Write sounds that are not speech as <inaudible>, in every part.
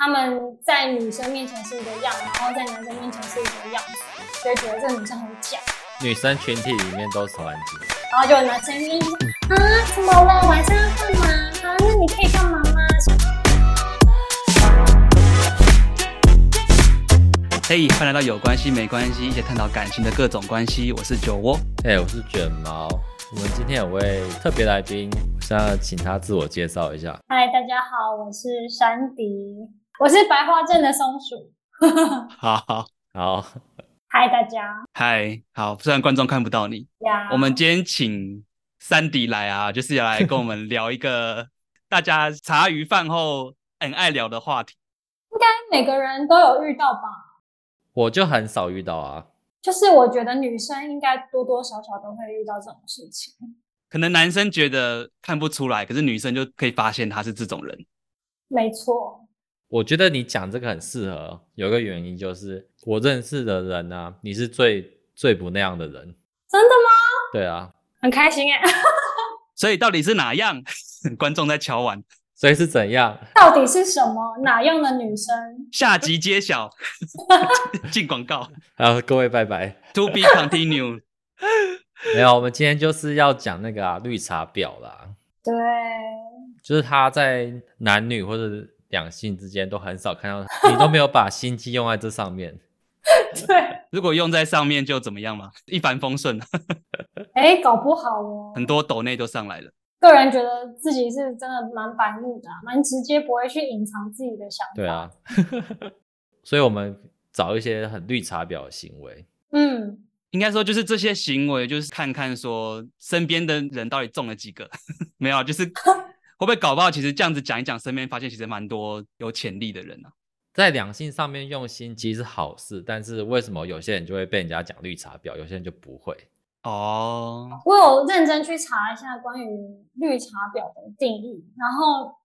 他們在女生面前是一個樣子，然後在男生面前是一個樣子，所以覺得這個女生很假。女生群體裡面都是安靜，然後就男生那啊，怎麼了？晚上要幹嘛？啊，那你可以幹嘛嗎？嘿、hey,，歡迎來到有關係沒關係，一起探討感情的各種關係。我是酒窩，嘿、hey,，我是捲毛。我們今天有位特別來賓，我現在請他自我介紹一下。嗨，大家好，我是珊迪。我是白花鎮的松鼠，好 <laughs> 好好，嗨大家，嗨好，雖然觀眾看不到你，呀、yeah.，我們今天請珊迪來啊，就是要來跟我們聊一個大家茶餘飯後很愛聊的話題， <laughs> 應該每個人都有遇到吧？我就很少遇到啊，就是我覺得女生應該多多少少都會遇到這種事情，可能男生覺得看不出來，可是女生就可以發現他是這種人，沒錯。我覺得你講這個很適合，有個原因就是我認識的人呢、啊，你是最最不那樣的人，真的嗎？對啊，很開心哎。 <laughs> 所以到底是哪樣觀眾在敲碗？所以是怎樣？到底是什麼哪樣的女生？下集揭曉。進 <laughs> 廣 <laughs> 廣告 <laughs> 啊，各位拜拜。To be continue。沒有，我們今天就是要講那個、啊、綠茶婊啦。對，就是她在男女或者。兩性之間都很少看到，你都沒有把心機用在這上面。 <laughs> 對， <laughs> 如果用在上面就怎麼樣嘛？一帆風順。哎 <laughs> 欸，搞不好哦。很多斗內都上來了。個人覺得自己是真的蠻白目的、啊，蠻直接，不會去隱藏自己的想法。對啊。 <laughs> 所以我們找一些很綠茶婊的行為。嗯，應該說就是這些行為，就是看看說身邊的人到底中了幾個。 <laughs> 沒有，就是。 <laughs> 會不會搞不好？其實這樣子講一講，身邊發現其實蠻多有潛力的人呢、啊。在兩性上面用心，其實是好事。但是為什麼有些人就會被人家講綠茶婊，有些人就不會？哦、oh.，我有認真去查一下關於綠茶婊的定義，然後。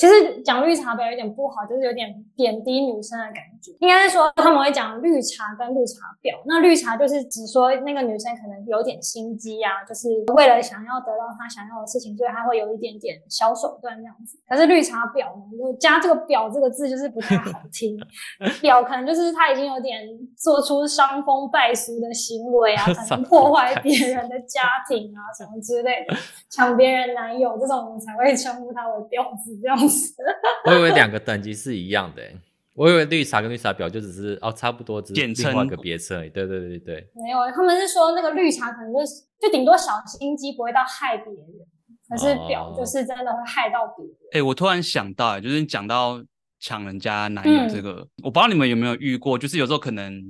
其實講綠茶婊有點不好，就是有點貶低女生的感覺。應該是說他們會講綠茶跟綠茶婊。那綠茶就是只說那個女生可能有點心機啊，就是為了想要得到她想要的事情，所以她會有一點點小手段這樣子。可是綠茶婊呢，就加這個婊這個字，就是不太好聽。婊 <laughs> 可能就是她已經有點做出傷風敗俗的行為啊，什麼破壞別人的家庭啊，什麼之類的。搶別人男友這種，我們才會稱呼她為婊子這樣。 <laughs> 我以為兩個等級是一樣的，欸，我以為綠茶跟綠茶婊就只是哦差不多，見證一個別稱。對對對對，沒有，他們是說那個綠茶可能就是、就頂多小心機，不會到害別人，可是婊就是真的會害到別人。哎、哦欸，我突然想到、欸，哎，就是講到搶人家男友這個、嗯，我不知道你們有沒有遇過，就是有時候可能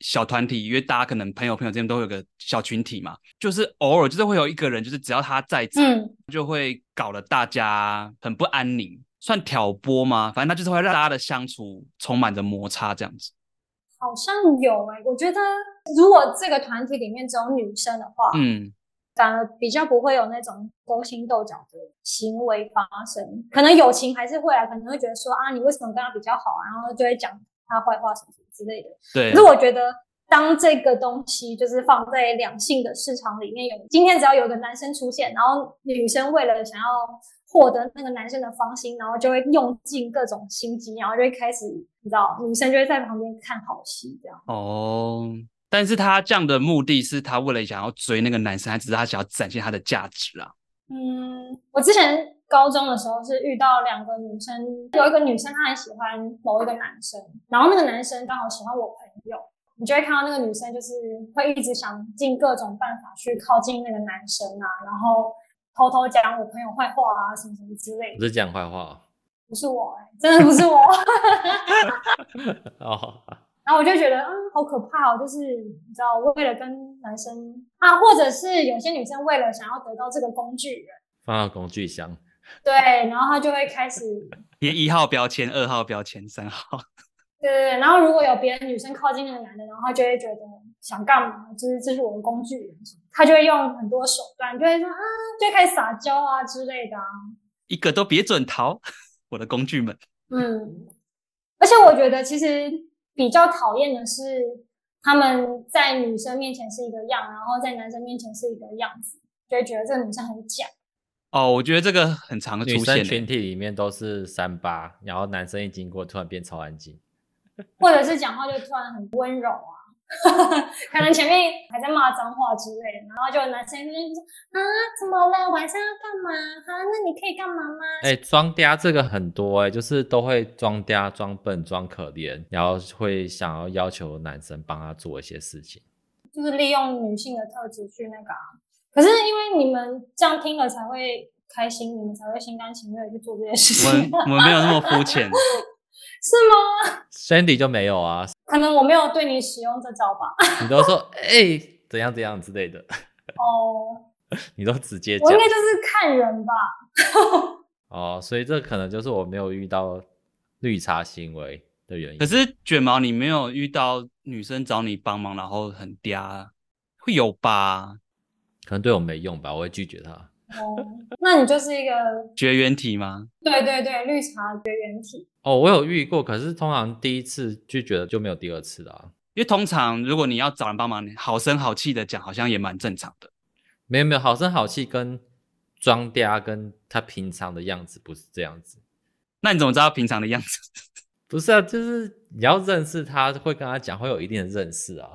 小團體，因為大家可能朋友朋友之間都會有個小群體嘛，就是偶爾就是會有一個人，就是只要他在場，嗯，就會搞得大家很不安寧。算挑撥嗎？反正他就是會讓大家的相處充滿着摩擦，這樣子。好像有哎、欸，我覺得如果這個團體裡面只有女生的話，嗯，呃，反而比較不會有那種勾心鬥角的行為發生。可能友情還是會來，可能會覺得說啊，你為什麼跟他比較好啊？然後就會講他壞話什麼之類的。對。可是我覺得，當這個東西就是放在兩性的市場裡面有，今天只要有個男生出現，然後女生為了想要。獲得那個男生的芳心，然後就會用盡各種心機，然後就會開始，你知道，女生就會在旁邊看好戲這樣。哦，但是他這樣的目的是他為了想要追那個男生，還只是他想要展現他的價值啊？嗯，我之前高中的時候是遇到兩個女生，有一個女生她很喜歡某一個男生，然後那個男生剛好喜歡我朋友，你就會看到那個女生就是會一直想盡各種辦法去靠近那個男生啊，然後。偷偷講我朋友壞話啊，什麼什麼之類。不是講壞話，哦，不是我，欸，真的不是我。哦 <laughs> <laughs> 然後我就覺得，嗯，好可怕哦，喔。就是你知道，為了跟男生啊，或者是有些女生為了想要得到這個工具人，欸，放，啊，到工具箱。對，然後他就會開始一一號標籤，二號標籤，三號。對對對，然後如果有別的女生靠近那個男的，然後他就會覺得想幹嘛，就是這是我的工具人，他就會用很多手段，就會說啊，就開始撒嬌啊之類的，啊。一個都別准逃，我的工具們。嗯，而且我覺得其實比較討厭的是他們在女生面前是一個樣，然後在男生面前是一個樣子，就會覺得這個女生很假。哦，我覺得這個很常的出現，電梯裡面都是三八，然後男生一經過，突然變超安靜。 <laughs> 或者是講話就突然很溫柔啊， <laughs> 可能前面還在罵髒話之類，然後就男生就說啊，怎麼了，晚上要幹嘛？好、啊，那你可以幹嘛嗎？哎、欸，裝嗲這個很多哎、欸，就是都會裝嗲、裝笨、裝可憐，然後會想要要求男生幫他做一些事情，就是利用女性的特質去那個、啊。可是因為你們這樣聽了才會開心，你們才會心甘情願去做這些事情。我們我們沒有那麼膚淺。 <laughs> 是嗎？Sandy 就沒有啊，可能我沒有對你使用這招吧。你都說，哎、 <laughs> 欸，怎樣怎樣之類的。哦 <laughs> oh,，你都直接講。我應該就是看人吧。哦、 <laughs> oh,，所以這可能就是我沒有遇到綠茶行為的原因。可是卷毛，你沒有遇到女生找你幫忙，然後很嗲，會有吧？可能對我沒用吧，我會拒絕他。哦、oh,，那你就是一個 <laughs> 絕緣體嗎？對對對，綠茶絕緣體。哦，我有遇過，可是通常第一次拒絕了，就沒有第二次的啊。因為通常如果你要找人幫忙，好聲好氣的講，好像也蠻正常的。沒有沒有，好聲好氣跟裝嗲跟他平常的樣子不是這樣子。那你怎麼知道平常的樣子？不是啊，就是你要認識他，會跟他講，會有一定的認識啊。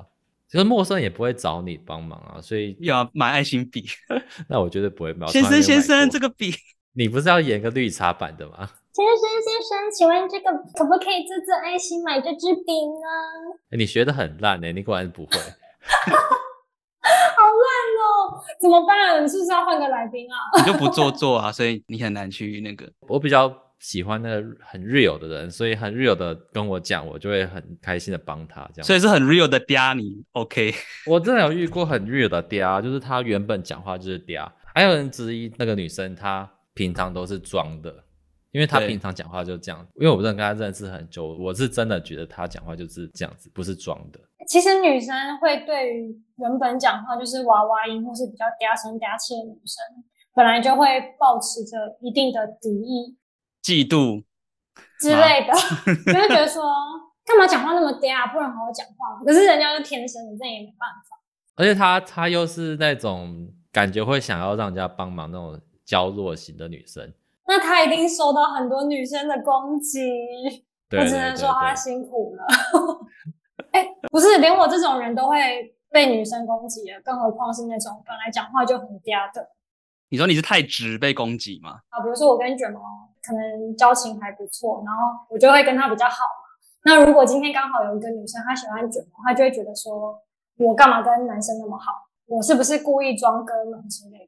其實陌生也不會找你幫忙啊，所以要、啊、買愛心筆。 <laughs> 那我絕對不會買。先生先生,先生，這個筆。你不是要演個綠茶婊的嗎？先生，先生，請問這個可不可以做做愛心買這支筆呢、啊欸？你學得很爛哎、欸，你果然不會， <laughs> <laughs> 好爛哦、喔，怎麼辦呢？你是不是要換個來賓啊？ <laughs> 你就不做作啊，所以你很難去那個。我比較喜歡那個很 real 的人，所以很 real 的跟我講，我就會很開心的幫他這樣。所以是很 real 的嗲，你 OK？我真的有遇過很 real 的嗲，就是他原本講話就是嗲。還有人質疑那個女生，她平常都是裝的。因為他平常講話就這樣，因為我真的跟他認識很久，我是真的覺得他講話就是這樣子，不是裝的。其實女生會對於原本講話就是娃娃音或是比較嗲聲嗲氣的女生，本來就會抱持着一定的敵意、嫉妒之類的，就是、覺得說幹 <laughs> 嘛講話那麼嗲啊，不能好好講話。可是人家是天生的，這也沒辦法。而且他他又是那種感覺會想要讓人家幫忙那種嬌弱型的女生。那他一定受到很多女生的攻擊，對對對對，我只能說他辛苦了。哎、 <laughs> 欸，不是，連我這種人都會被女生攻擊了，更何況是那種本來講話就很嗲的。你說你是太直被攻擊嗎？啊，比如說我跟捲毛可能交情還不錯，然後我就會跟他比較好嘛。那如果今天剛好有一個女生她喜歡捲毛，她就會覺得說我幹嘛跟男生那麼好？我是不是故意裝哥們之類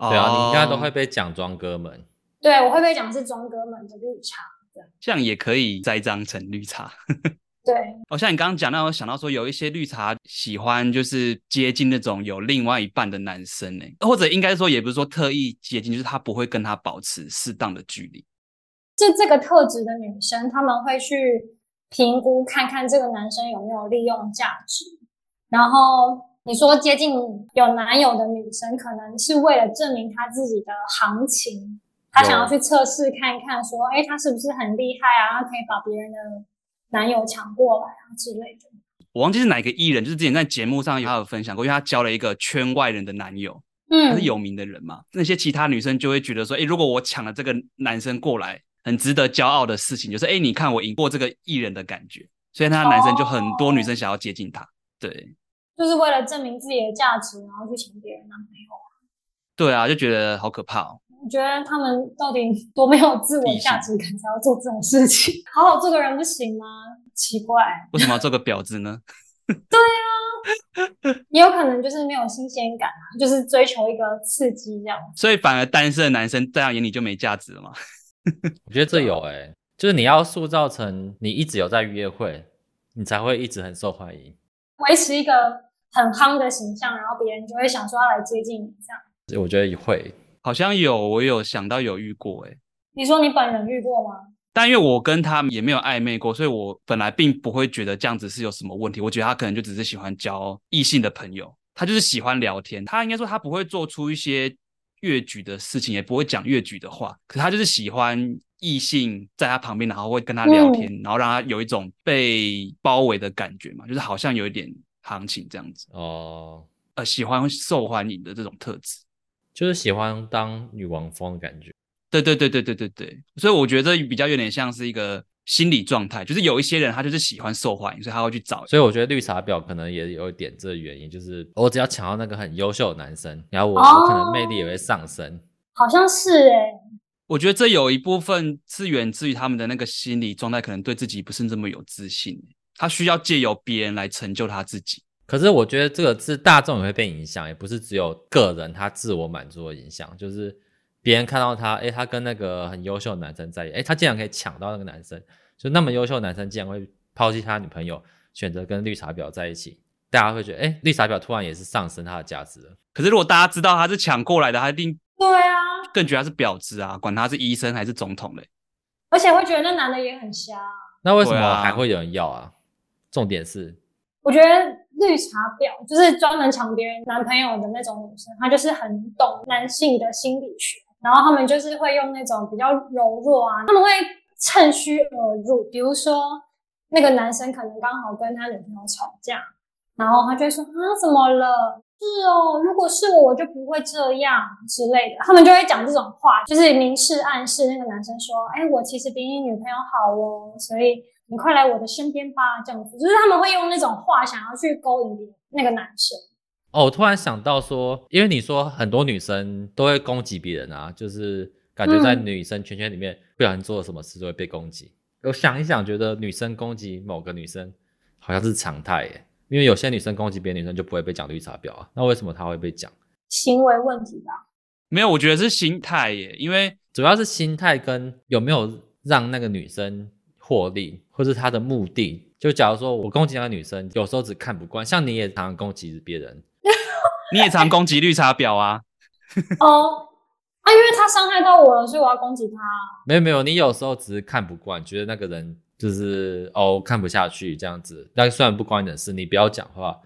的？對啊，你應該都會被講裝哥們。對，我會不會講是裝哥們的綠茶？對，這樣也可以栽贓成綠茶。 <laughs> 對，我、哦、像你剛剛講到，我想到說有一些綠茶喜歡就是接近那種有另外一半的男生呢，或者應該說也不是說特意接近，就是她不會跟他保持適當的距離。這這個特質的女生，他們會去評估看看這個男生有沒有利用價值。然後你說接近有男友的女生，可能是為了證明她自己的行情。他想要去測試看一看，說，哎、欸，他是不是很厲害啊？他可以把別人的男友搶過來啊之類的。我忘記是哪個藝人，就是之前在節目上，他有分享過，因為他交了一個圈外人的男友，嗯，他是有名的人嘛。那些其他女生就會覺得說，哎、欸，如果我搶了這個男生過來，很值得驕傲的事情，就是，哎、欸，你看我贏過這個藝人的感覺。所以他的男生就很多女生想要接近他，哦、對，就是為了證明自己的價值，然後去搶別人男朋友、啊。對啊，就覺得好可怕哦。你覺得他們到底多沒有自我價值感，才要做這種事情？好好做個人不行嗎？奇怪、欸，為什麼要做個婊子呢？ <laughs> 對啊，也有可能就是沒有新鮮感，就是追求一個刺激這樣。所以反而單身的男生在他眼裡就沒價值了嗎？ <laughs> 我覺得這有誒、欸、就是你要塑造成你一直有在約會，你才會一直很受歡迎，維持一個很夯的形象，然後別人就會想說要來接近你這樣。我覺得也會。好像有，我有想到有遇過，欸，誒你說你本人遇過嗎？但因為我跟他也沒有曖昧過，所以我本來並不會覺得這樣子是有什麼問題。我覺得他可能就只是喜歡交異性的朋友，他就是喜歡聊天。他應該說他不會做出一些越矩的事情，也不會講越矩的話，可是他就是喜歡異性在他旁邊，然後會跟他聊天，嗯，然後讓他有一種被包圍的感覺嘛，就是好像有一點行情這樣子哦，呃，喜歡受歡迎的這種特質。就是喜歡當女王風的感覺，對對對對對對對，所以我覺得這比較有點像是一個心理狀態，就是有一些人他就是喜歡受歡迎，所以他會去找，所以我覺得綠茶婊可能也有一點這個原因，就是我只要搶到那個很優秀的男生，然後我，oh，我可能魅力也會上升，好像是誒、欸，我覺得這有一部分是源自於他們的那個心理狀態，可能對自己不是那麼有自信，他需要借由別人來成就他自己。可是我覺得這個是大眾也會被影響，也不是只有個人他自我滿足的影響，就是別人看到他，哎，他跟那個很優秀的男生在一起，哎，他竟然可以搶到那個男生，就那麼優秀的男生竟然會拋棄他女朋友，選擇跟綠茶婊在一起，大家會覺得，哎，綠茶婊突然也是上升他的價值了。可是如果大家知道他是搶過來的，他一定對啊，更覺得他是婊子啊，管他是醫生還是總統嘞，欸，而且會覺得那男的也很瞎。那為什麼還會有人要啊？重點是，我覺得。綠茶婊就是專門搶別人男朋友的那種女生，她就是很懂男性的心理學，然後他們就是會用那種比較柔弱啊，他們會趁虛而入。比如說，那個男生可能剛好跟他女朋友吵架，然後他就會說啊，怎麼了？是哦，如果是我，我就不會這樣之類的。他們就會講這種話，就是明示暗示那個男生說，哎、欸，我其實比你女朋友好哦，所以。你快來我的身邊吧，這樣子就是他們會用那種話想要去勾引那個男生。哦，突然想到說，因為你說很多女生都會攻擊別人啊，就是感覺在女生圈圈裡面，不小心做了什麼事都會被攻擊。嗯。我想一想，覺得女生攻擊某個女生好像是常態耶，因為有些女生攻擊別的女生就不會被講綠茶婊啊，那為什麼她會被講？行為問題吧？沒有，我覺得是心態耶，因為主要是心態跟有沒有讓那個女生。獲利或是他的目的，就假如說我攻擊他的女生，有時候只看不慣，像你也常攻擊別人， <laughs> 你也常攻擊綠茶婊啊。 <laughs> 哦，啊，因為他傷害到我了，所以我要攻擊他。沒有沒有，你有時候只是看不慣，覺得那個人就是哦看不下去這樣子，但雖然不關你的事，你不要講話，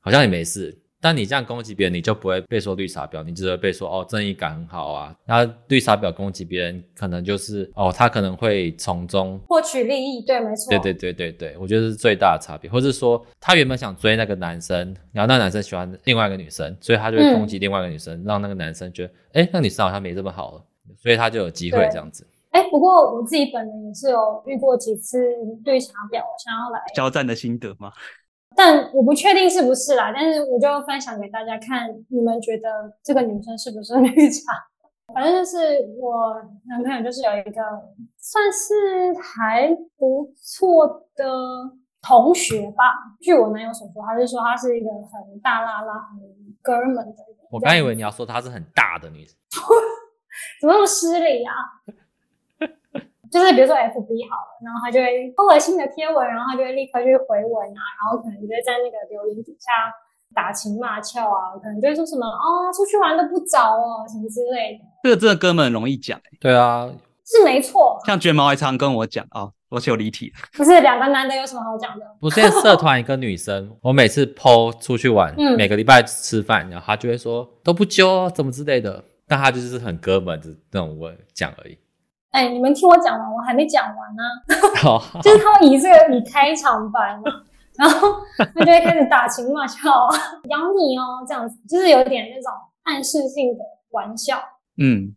好像也沒事。但你這樣攻擊別人，你就不會被說綠茶婊，你只會被說哦正義感很好啊。那綠茶婊攻擊別人，可能就是哦，他可能會從中獲取利益。對，沒錯。對對對對對，我覺得是最大的差別。或是說，他原本想追那個男生，然後那個男生喜歡另外一個女生，所以他就會攻擊另外一個女生，嗯、讓那個男生覺得，哎，那女生好像沒這麼好，所以他就有機會這樣子。哎，不過我自己本人是有遇過幾次綠茶婊，我想要來交戰的心得嗎？但我不確定是不是啦，但是我就分享給大家看，你們覺得這個女生是不是綠茶？反正就是我男朋友就是有一個算是還不錯的同學吧。據我男友所說，他就說他是一個很大辣辣很哥們的。我剛以為你要說他是很大的女生， <laughs> 怎麼那麼失禮啊？就是比如說 FB 好了，然後他就會發合性的貼文，然後他就會立刻去回文啊，然後可能就會在那個留言底下打情罵俏啊，可能就會說什麼哦，出去玩都不揪哦，什麼之類的。這個真的哥們容易講。欸，對啊，是沒錯啊。像捲毛還常跟我講啊。哦，我且有離題。不是兩個男的有什麼好講的。不 <laughs> 是社團一個女生，我每次 Po 出去玩，嗯、每個禮拜吃飯，然後他就會說都不揪喔，怎麼之類的。但他就是很哥們，這種我講而已。哎、欸，你們聽我講完，我還沒講完呢、啊。好， <laughs> 就是他們以這個 <laughs> 以開場白、啊，然後他就會開始打情罵俏， <laughs> 咬你哦這樣子，就是有點那種暗示性的玩笑。嗯，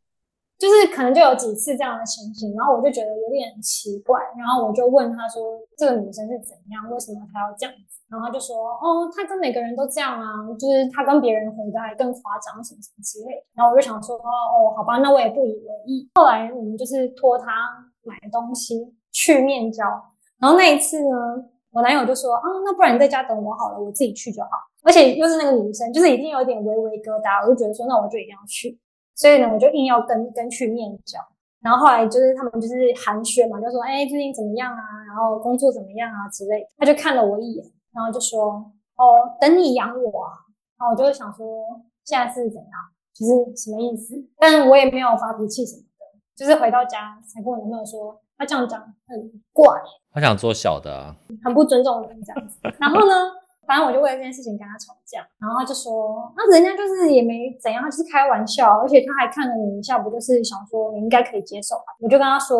就是可能就有幾次這樣的情形，然後我就覺得有點奇怪，然後我就問他說，這個女生是怎樣，為什麼她要這樣？然後就說哦，他跟每個人都這樣啊，就是他跟別人回答還更誇張什麼什麼之類。然後我就想說哦，好吧，那我也不以為意。後來我們就是托他買東西去面交。然後那一次呢，我男友就說啊，那不然你在家等我好了，我自己去就好。而且又是那個女生，就是一定有點微微疙瘩。我就覺得說，那我就一定要去。所以呢，我就硬要跟跟去面交。然後後來就是他們就是寒暄嘛，就說哎，最近怎麼樣啊？然後工作怎麼樣啊？之類。他就看了我一眼。然後就說：“哦，等你養我啊。”然後我就會想說：“現在是怎樣？就是什麼意思？”但我也沒有發脾氣什麼的，就是回到家才跟我男朋友說他這樣講很怪，他想做小的、啊，很不尊重人這樣子。然後呢，反正我就為了這件事情跟他吵架。然後他就說：“那、啊、人家就是也沒怎樣，他就是開玩笑，而且他還看了你一下，不就是想說你應該可以接受吧、啊？”我就跟他說：“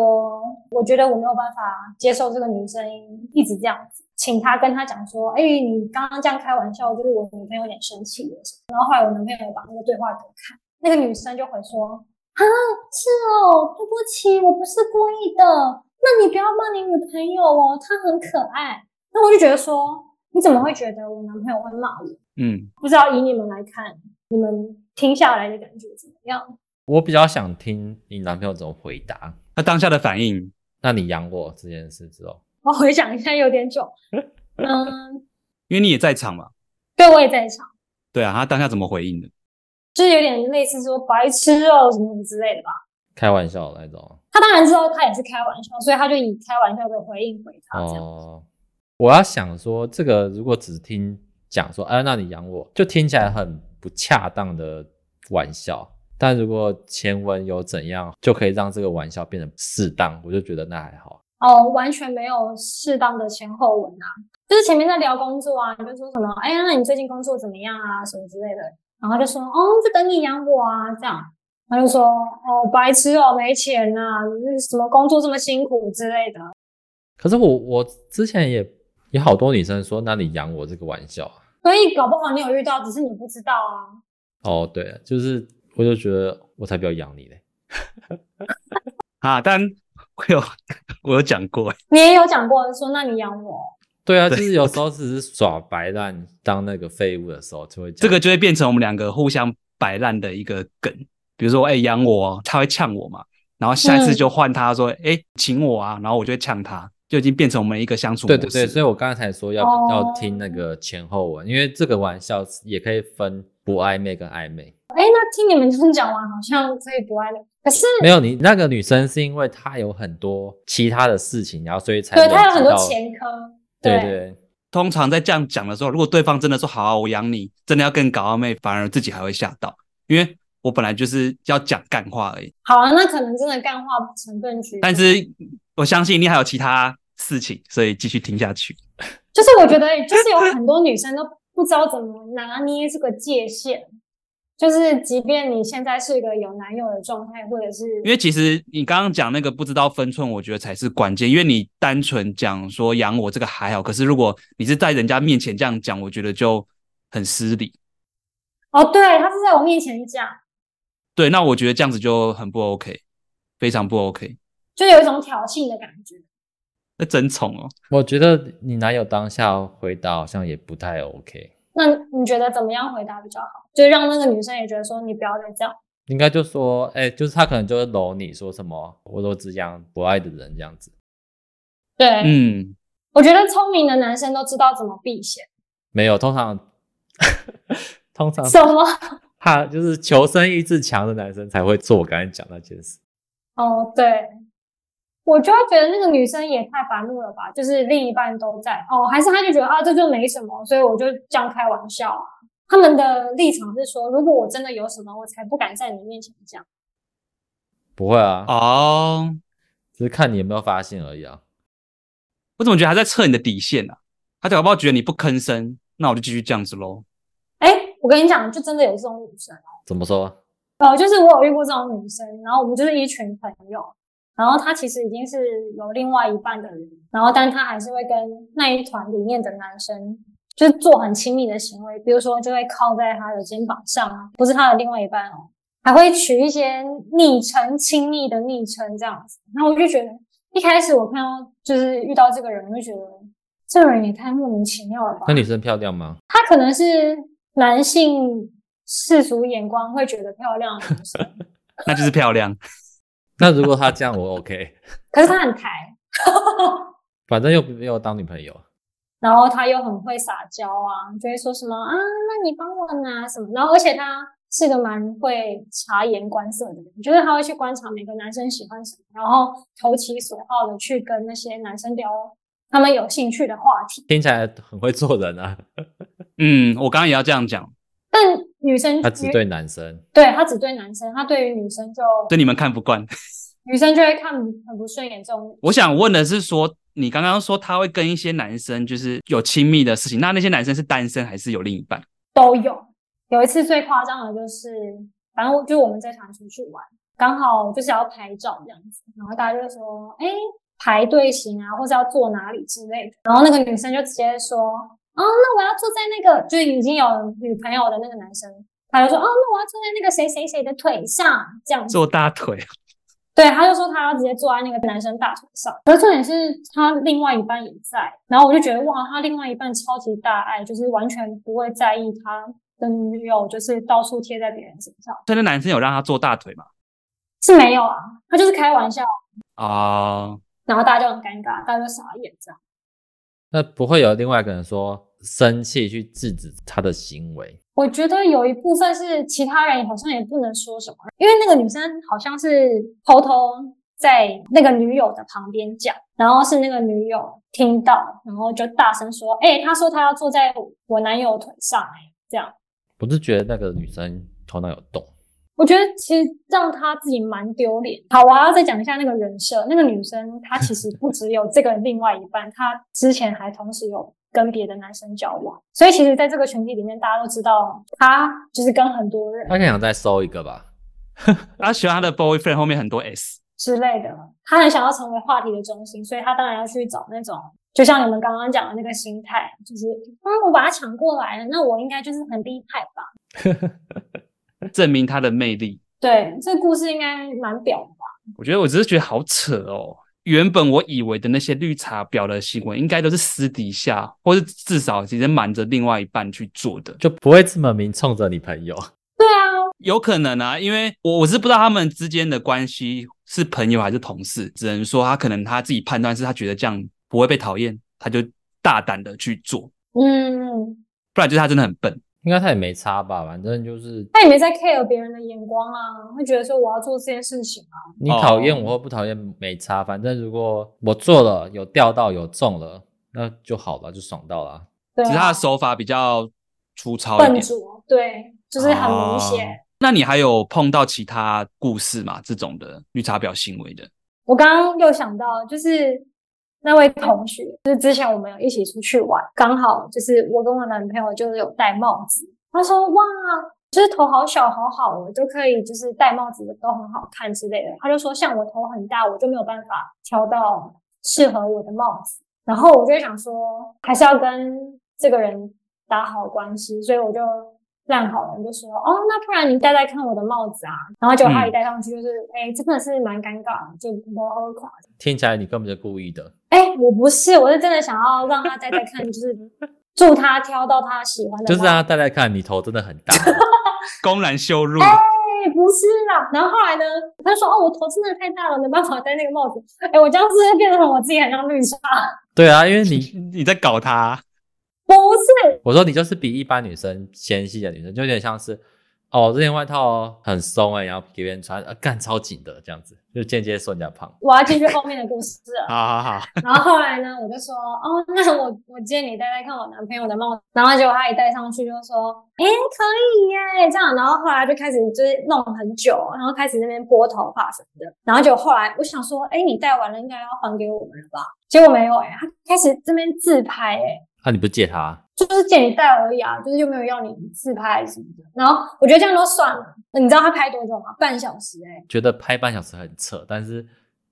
我覺得我沒有辦法接受這個女生一直這樣子。”請他跟他講說：“哎、欸，你剛剛這樣開玩笑，我就是我女朋友有點生氣，然後後來我男朋友把那個對話給我看，那個女生就會說：“啊，是哦，對不,不起，我不是故意的。那你不要罵你女朋友哦，她很可愛。”那我就覺得說：“你怎麼會覺得我男朋友會罵我？”嗯，不知道以你們來看，你們聽下來的感覺怎麼樣？我比較想聽你男朋友怎麼回答。那當下的反應。嗯、那你養我這件事之後。我回想一下，有點久。嗯，因為你也在場嘛。對，我也在場。對啊，他當下怎麼回應的？就是有點類似說“白痴哦”什麼什麼之類的吧。開玩笑的那種。他當然知道他也是開玩笑，所以他就以開玩笑的回應回他。哦。我要想說，這個如果只聽講說“哎、呃，那你養我”，就聽起來很不恰當的玩笑。但如果前文有怎樣，就可以讓這個玩笑變得適當，我就覺得那還好。哦，完全沒有適當的前後文啊！就是前面在聊工作啊，你就說什麼哎、欸，那你最近工作怎麼樣啊，什麼之類的，然後他就說哦，在等你養我啊，這樣，他就說哦，白痴哦，沒錢啊，什麼工作這麼辛苦之類的。可是我我之前也也好多女生說，那你養我這個玩笑啊，所以搞不好你有遇到，只是你不知道啊。哦，對了，就是我就覺得我才不要養你嘞，啊， <laughs> <laughs> 但。有， <laughs> 我有講過、欸。你也有講過，說那你養我。對啊，就是有時候只是耍白爛當那個廢物的時候，就會這,這個就會變成我們兩個互相擺爛的一個梗。比如說，哎、欸，養我，他會嗆我嘛，然後下一次就換他說，哎、嗯欸，請我啊，然後我就會嗆他，就已經變成我們一個相處模式。對對對，所以我剛才說要、oh. 要聽那個前後文，因為這個玩笑也可以分不曖昧跟曖昧。哎、欸，那聽你們這麼講完，好像可以不愛了。可是沒有你那個女生是因為她有很多其他的事情，然後所以才對她有很多前科。對，對對，通常在這樣講的時候，如果對方真的說好、啊，我養你，真的要更搞曖昧，反而自己還會嚇到，因為我本來就是要講幹話而已。好啊，那可能真的幹話不成分居多，但是我相信你還有其他事情，所以繼續聽下去。就是我覺得，就是有很多女生都不知道怎麼拿捏這個界限。就是，即便你現在是一個有男友的狀態，或者是，因為其實你剛剛講那個不知道分寸，我覺得才是關鍵。因為你單純講說養我這個還好，可是如果你是在人家面前這樣講，我覺得就很失禮。哦，對，他是在我面前講。對，那我覺得這樣子就很不 OK，非常不 OK，就有一種挑釁的感覺。那真寵哦。我覺得你男友當下回答好像也不太 OK。那你覺得怎麼樣回答比較好？就讓那個女生也覺得說你不要再這樣。應該就說，哎、欸，就是他可能就會摟你，說什麼我都是這樣，不愛的人這樣子。對，嗯，我覺得聰明的男生都知道怎麼避嫌。沒有，通常， <laughs> 通常什麼？他就是求生意志強的男生才會做我剛才講那件事。哦，對。我就會覺得那個女生也太煩怒了吧，就是另一半都在哦，還是他就覺得啊這就沒什麼，所以我就這樣開玩笑啊。他們的立場是說，如果我真的有什麼，我才不敢在你面前講。不會啊，哦，只是看你有沒有發現而已啊。我怎麼覺得還在測你的底線啊？他在好不好？覺得你不吭聲，那我就繼續這樣子嘍。哎、欸，我跟你講，就真的有這種女生、啊。怎麼說、啊？呃，就是我有遇過這種女生，然後我們就是一群朋友。然後他其實已經是有另外一半的人，然後但他還是會跟那一團裡面的男生，就是做很親密的行為，比如說就會靠在他的肩膀上，不是他的另外一半哦，還會取一些昵稱，親密的昵稱這樣子。然後我就覺得，一開始我看到就是遇到這個人，我就覺得這個人也太莫名其妙了吧。那女生漂亮嗎？她可能是男性世俗眼光會覺得漂亮， <laughs> 那就是漂亮。 <laughs> 那如果他這樣，我 OK。 <laughs> 可是他很台， <laughs> 反正又沒有當女朋友。 <laughs> 然後他又很會撒嬌啊，就會說什麼啊，那你幫我拿什麼？然後而且他是個蠻會察言觀色的人。我覺得他會去觀察每個男生喜歡什麼，然後投其所好的去跟那些男生聊他們有興趣的話題。聽起來很會做人啊。 <laughs> 嗯，我剛剛也要這樣講。但女生，她只對男生，對，他只對男生，他對於女生就對你們看不慣，女生就會看很不順眼這種。我想問的是說，說你剛剛說她會跟一些男生就是有親密的事情，那那些男生是單身還是有另一半？都有。有一次最誇張的就是，反正就我們在場出去玩，剛好就是要拍照這樣子，然後大家就說，哎，排隊型啊，或是要坐哪裡之類的，然後那個女生就直接說。哦，那我要坐在那個就是已經有女朋友的那個男生，他就說，哦，那我要坐在那個誰誰誰的腿上，這樣子。坐大腿。對，他就說他要直接坐在那個男生大腿上。而重點是他另外一半也在，然後我就覺得哇，他另外一半超級大愛，就是完全不會在意他的女友，就是到處貼在別人身上。那男生有讓他坐大腿嗎？是沒有啊，他就是開玩笑啊、嗯。然後大家就很尷尬，大家就傻眼這樣。那不會有另外一個人說生氣去制止他的行為。我覺得有一部分是其他人好像也不能說什麼，因為那個女生好像是偷偷在那個女友的旁邊講，然後是那個女友聽到，然後就大聲說：“哎、欸，她說她要坐在我男友腿上。”哎，這樣，我是覺得那個女生頭腦有洞。我覺得其實讓他自己蠻丟臉。好，我還要再講一下那個人設。那個女生她其實不只有這個另外一半， <laughs> 她之前還同時有跟別的男生交往。所以其實，在這個群體裡面，大家都知道她就是跟很多人。她想再搜一個吧？ <laughs> 她喜歡她的 boyfriend 後面很多 S 之類的。她很想要成為話題的中心，所以她當然要去找那種，就像你們剛剛講的那個心態，就是、嗯、我把她搶過來了，那我應該就是很厲害吧。 <laughs> 證明他的魅力。對，這個故事應該蠻屌吧？我覺得，我只是覺得好扯哦。原本我以為的那些綠茶婊的行為，應該都是私底下，或是至少其實瞞着另外一半去做的，就不會這麼明衝着你朋友。對啊，有可能啊，因為我我是不知道他們之間的關係是朋友還是同事，只能說他可能他自己判斷是他覺得這樣不會被討厭，他就大膽的去做。嗯，不然就是他真的很笨。應該他也沒差吧，反正就是他也沒在 care 別人的眼光啊，會覺得說我要做這件事情啊，你討厭我或不討厭沒差，反正如果我做了有釣到有中了，那就好了，就爽到了。對，只是他的手法比較粗糙笨拙。對，就是很明顯。哦。那你還有碰到其他故事嘛？這種的綠茶婊行為的，我剛剛又想到了就是。那位同學就是之前我們有一起出去玩，剛好就是我跟我男朋友就是有戴帽子，他說，哇，就是頭好小好好哦，我就可以就是戴帽子的都很好看之類的。他就說像我頭很大，我就沒有辦法挑到適合我的帽子。然後我就想說，還是要跟這個人打好關係，所以我就。站好人就說：“哦，那不然你戴戴看我的帽子啊。”然後就結果，他一戴上去，就是哎，這、嗯欸，、真的是蠻尷尬，就都喝。聽起來你根本就故意的。哎、欸，我不是，我是真的想要讓他戴戴看， <laughs> 就是助他挑到他喜歡的。就是讓他戴戴看，你頭真的很大， <laughs> <laughs> 公然羞辱。哎、欸，不是啦。然後後來呢，他說：“哦，我頭真的太大了，沒辦法戴那個帽子。欸”哎，我這樣是不是變得我自己很像綠茶？對啊，因為你 <laughs> 你在搞他。不是，我說你就是比一般女生纖細的女生，就有點像是哦，這件外套很鬆哎、欸，然後給別人穿，幹、啊、超緊的這樣子，就間接說人家胖。我要進去後面的故事了。 <laughs> 好好、啊、好。然後後來呢，我就說哦，那我我借你戴戴看我男朋友的帽子，然後結果他一戴上去就說誒，可以耶這樣，然後後來就開始就是弄很久，然後開始那邊撥頭髮什麼的，然後就後來我想說誒，你戴完了應該要還給我們了吧，結果沒有誒，他開始這邊自拍誒那、啊、你不借他、啊？就是借你戴而已啊，就是又沒有要你自拍什麼的。然後我覺得這樣都算了。你知道他拍多久嗎？半小時誒、欸、覺得拍半小時很扯，但是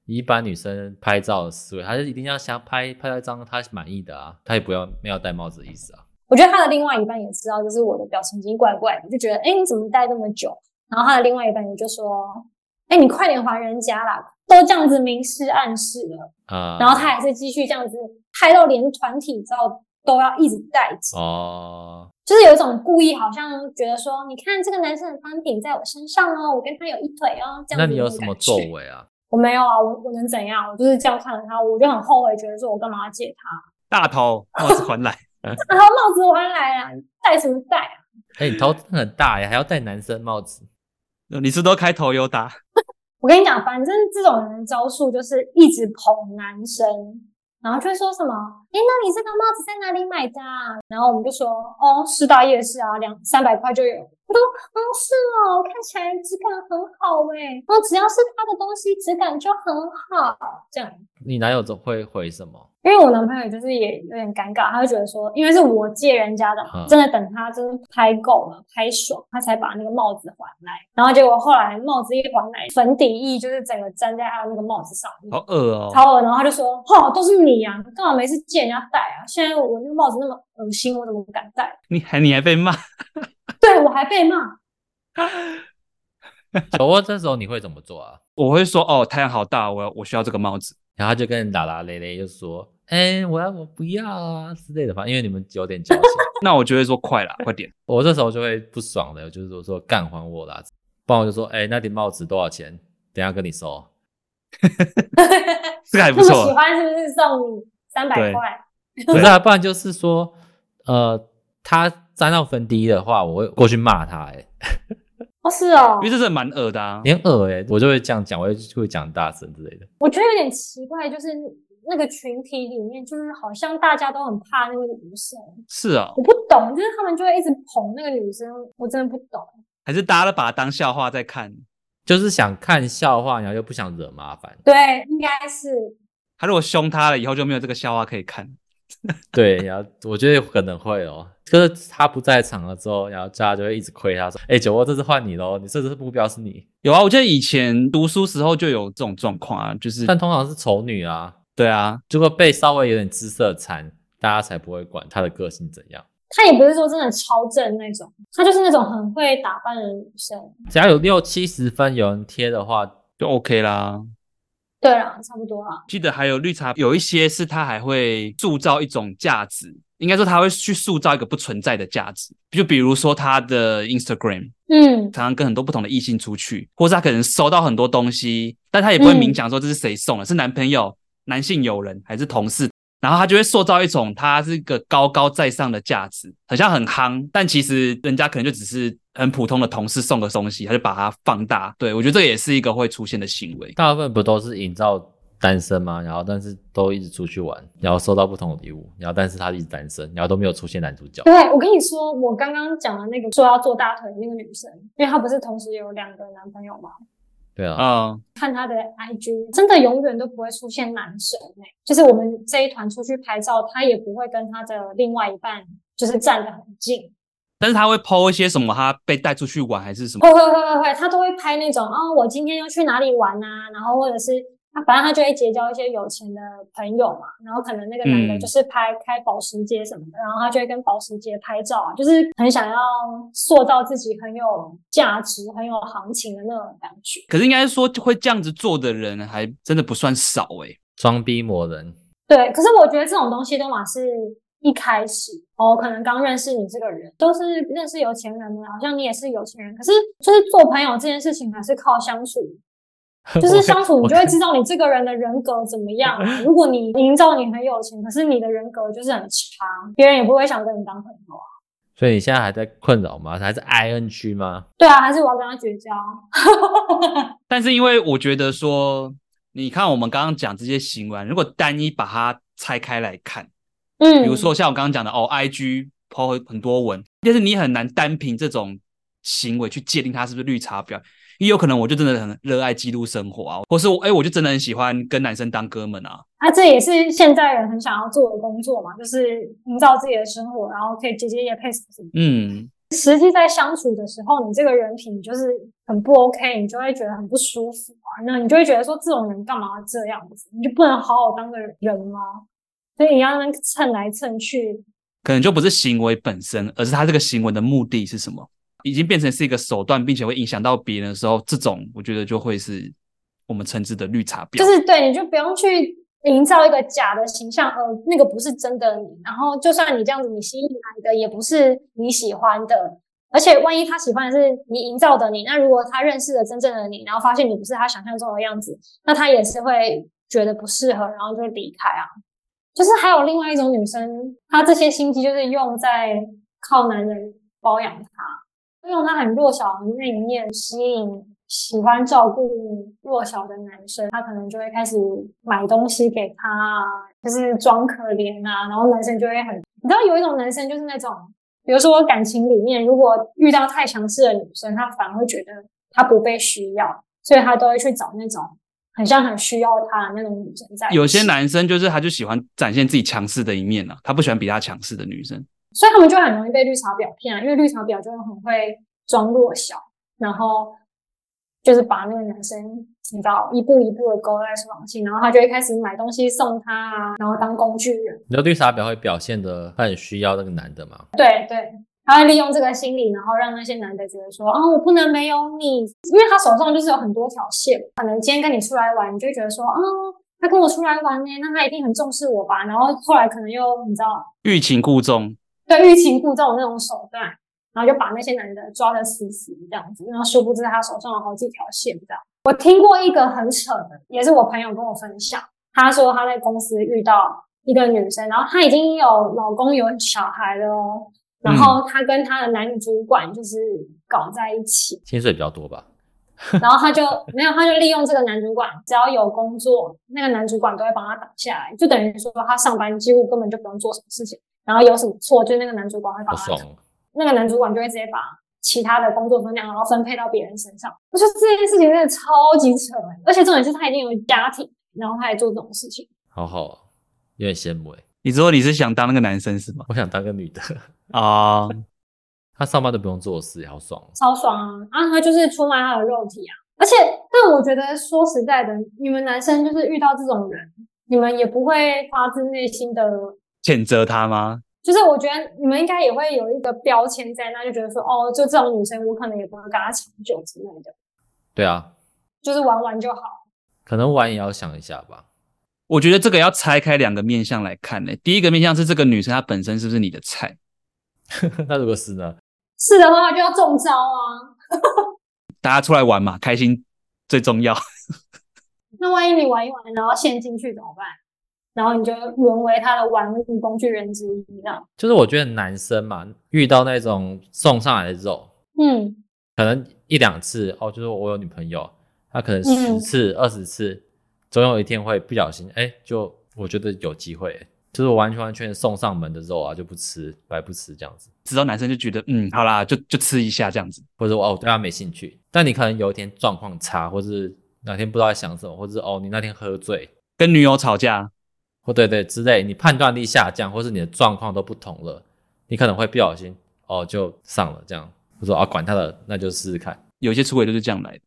一般女生拍照的思維，她就一定要想拍拍到一張她滿意的啊，她也不要沒有戴帽子的意思啊。我覺得他的另外一半也知道，就是我的表情已經怪怪的，就覺得誒、欸、你怎麼戴那麼久？然後他的另外一半也就說，哎、欸、你快點還人家啦，都這樣子明示暗示了啊、嗯。然後他還是繼續這樣子拍到連團體照。都要一直戴着。着哦，就是有一種故意，好像覺得說，你看這個男生的單品在我身上哦，我跟他有一腿哦，這樣子。那，那你有什麼作為啊？我沒有啊，我我能怎樣？我就是叫看了他，我就很後悔，覺得說我幹嘛要借他大頭帽子還來，大頭帽子還來， <laughs> 來啊。戴什麼戴、啊？哎、欸，你頭很大呀，還要戴男生帽子？你是，是都開頭有打？ <laughs> 我跟你講，反正這種人的招數就是一直捧男生。然後就會說什麼：“誒，那你這個帽子在哪裡買的啊？”然後我們就說：“哦，師大夜市啊，兩三百塊就有。”我說，嗯、哦，是哦，看起來質感很好哎，然後只要是他的東西，質感就很好。這樣，你男友都會回什麼？因為我男朋友就是也有點尷尬，他會覺得說，因為是我借人家的，嗯、真的等他真拍夠了、拍爽，他才把那個帽子還來。然後結果後來帽子一還來，粉底液就是整個粘在他的那個帽子上面，好噁哦、喔，超噁。然後他就說，哈、哦，都是你啊，幹嘛沒事借人家戴啊？現在我那個帽子那麼噁心，我怎麼不敢戴？你還你還被罵。 <laughs> 對，我還被罵。 <laughs> 我這時候你會怎麼做啊？我會說哦，太陽好大我，我需要這個帽子，然後他就跟人打打雷雷，就說哎、欸，我要不要啊之類的吧，因為你們有點交情。 <laughs> 那我就會說快啦，快點。 <laughs> 我這時候就會不爽了，就是說說幹還我啦。不然我就說哎、欸，那頂帽子多少錢？等下跟你收。 <laughs> 這個還不錯、啊， <laughs> 喜歡是不是送你三百塊？ <laughs> 不是、啊，不然就是說呃。他沾到粉底液的話，我會過去罵他、欸。哎 <laughs> ，哦，是哦，因為這是蠻惡的、啊，很惡哎、欸，我就會這樣講，我就會講大聲之類的。我覺得有點奇怪，就是那個群體裡面，就是好像大家都很怕那個女生。是哦，我不懂，就是他們就會一直捧那個女生，我真的不懂。還是大家都把她當笑話在看，就是想看笑話，然後又不想惹麻煩。對，應該是。他如果凶他了，以後就沒有這個笑話可以看。 <laughs> 對，然後我覺得有可能會哦，就是他不在場了之後，然後家就，就會一直虧他。說，哎、欸，酒窩這，這次換你嘍，你設置的目標是你。有啊，我記得以前讀書時候就有這種狀況啊，就是但通常是醜女啊，對啊，就會被稍微有點姿色殘，大家才不會管她的個性怎樣。她也不是說真的超正那種，她就是那種很會打扮的女生。只要有六七十分有人貼的話，就 OK 啦。對啊，差不多啊。記得還有綠茶，有一些是她還會塑造一種價值，應該說她會去塑造一個不存在的價值。就比如說她的 Instagram，嗯，常常跟很多不同的異性出去，或是她可能收到很多東西，但她也不會明講說這是誰送的、嗯，是男朋友、男性友人還是同事，然後她就會塑造一種他是個高高在上的價值，好像很夯，但其實人家可能就只是。很普通的同事送個東西，他就把它放大。對，我覺得這也是一個會出現的行為。大部分不都是營造單身嗎？然後但是都一直出去玩，然後收到不同的禮物，然後但是他一直單身，然後都沒有出現男主角。對，我跟你說，我剛剛講的那個說要做大腿的那個女生，因為她不是同時有兩個男朋友嗎？對啊，uh. 看她的 IG，真的永遠都不會出現男神欸，就是我們這一團出去拍照，她也不會跟她的另外一半就是站得很近。但是他會 PO 一些什麼？他被帶出去玩還是什麼？會會會會會，他都會拍那種啊、哦，我今天要去哪裡玩啊？然後或者是他反正他就會結交一些有錢的朋友嘛。然後可能那個男的就是拍、嗯、開保時捷什麼的，然後他就會跟保時捷拍照啊，就是很想要塑造自己很有價值、很有行情的那種感覺。可是應該是說會這樣子做的人還真的不算少誒、欸、裝逼魔人。對，可是我覺得這種東西都嘛是。一開始哦，可能剛認識你這個人，都是認識有錢人嘛，好像你也是有錢人。可是，就是做朋友這件事情還是靠相處，就是相處你就會知道你這個人的人格怎麼樣。如果你營造你很有錢， <laughs> 可是你的人格就是很差，別人也不會想跟你當朋友啊。所以你現在還在困擾嗎？還是 I N g 嗎？對啊，還是我要跟他絕交。 <laughs> 但是因為我覺得說，你看我們剛剛講這些行為，如果單一把它拆開來看。嗯，比如說像我剛剛講的哦，IG PO 很多文，但是你很難單憑這種行為去界定他是不是綠茶婊，因為有可能我就真的很熱愛記錄生活啊，或是我哎、欸、我就真的很喜歡跟男生當哥們啊。那、啊、這也是現在人很想要做的工作嘛，就是營造自己的生活，然後可以接接業配 CP。嗯，實際在相處的時候，你這個人品就是很不 OK，你就會覺得很不舒服、啊，那你就會覺得說這種人幹嘛要這樣子，你就不能好好當個人嗎、啊？所以你要那蹭來蹭去，可能就不是行為本身，而是他這個行為的目的是什麼，已經變成是一個手段，並且會影響到別人的時候，這種我覺得就會是我們稱之的綠茶婊。就是對，你就不用去營造一個假的形象，呃，那個不是真的你，然後就算你這樣子，你吸引來的也不是你喜歡的，而且萬一他喜歡的是你營造的你，那如果他認識了真正的你，然後發現你不是他想象中的樣子，那他也是會覺得不適合，然後就離開啊。就是還有另外一種女生，她這些心機就是用在靠男人包養她，用她很弱小的那一面吸引喜歡照顧弱小的男生，她可能就會開始買東西給他啊，就是裝可憐啊，然後男生就會很，你知道有一種男生就是那種，比如說我感情裡面如果遇到太強勢的女生，他反而會覺得他不被需要，所以他都會去找那種。很像很需要他那種女生在一起，有些男生就是他就喜歡展現自己強勢的一面了啊，他不喜歡比他強勢的女生，所以他們就很容易被綠茶婊騙啊，因為綠茶婊就很會裝弱小，然後就是把那個男生你知道一步一步的勾在床上，然後他就會開始買東西送他啊，然後當工具人。你知道綠茶婊會表現的他很需要那個男的嗎？對對。他會利用這個心理，然後讓那些男的覺得說：“啊、哦，我不能沒有你，因為他手上就是有很多條線，可能今天跟你出來玩，你就會覺得說啊、哦，他跟我出來玩呢，那他一定很重視我吧。”然後後來可能又你知道欲擒故縱，對，欲擒故縱那種手段，然後就把那些男的抓得死死這樣子，然後殊不知他手上有好幾條線這樣。我聽過一個很扯的，也是我朋友跟我分享，他說他在公司遇到一個女生，然後她已經有老公有小孩了哦。然後他跟他的男主管就是搞在一起，薪水比較多吧。然後他就 <laughs> 沒有，他就利用這個男主管，只要有工作，那個男主管都會幫他擋下來，就等於說他上班幾乎根本就不用做什麼事情。然後有什麼錯，就那個男主管會幫他，那個男主管就會直接把其他的工作分量然後分配到別人身上。我覺得這件事情真的超級扯，而且重點是他已經有家庭，然後他還做這種事情，好好，有點羨慕哎。你說你是想當那個男生是嗎？我想當個女的啊、 <laughs> uh,，他上班都不用做事，好爽，哦，超爽啊！啊，他就是出賣他的肉體啊！而且，但我覺得說實在的，你們男生就是遇到這種人，你們也不會發自內心的譴責他嗎？就是我覺得你們應該也會有一個標籤在那，就覺得說哦，就這種女生，我可能也不能跟她長久之類的。對啊，就是玩玩就好，可能玩也要想一下吧。我覺得這個要拆開兩個面向來看呢、欸。第一個面向是這個女生她本身是不是你的菜？那 <laughs> 如果是呢？是的話就要中招啊！大 <laughs> 家出來玩嘛，開心最重要。 <laughs> 那萬一你玩一玩，然後陷進去怎麼辦？然後你就淪為他的玩物、工具、人之一了。就是我覺得男生嘛，遇到那種送上來的肉，嗯，可能一兩次哦，就是我有女朋友，他可能十次、嗯、二十次。總有一天會不小心，哎、欸，就我覺得有機會，就是我完全完全送上門的肉啊，就不吃，白不吃這樣子。直到男生就覺得，嗯，好啦，就就吃一下這樣子，或者說哦，對他沒興趣。但你可能有一天狀況差，或是哪天不知道在想什麼，或是哦，你那天喝醉，跟女友吵架，或對對之類，你判斷力下降，或是你的狀況都不同了，你可能會不小心哦，就上了這樣，或者說啊、哦，管他的，那就試試看。有些出軌就是這樣來的。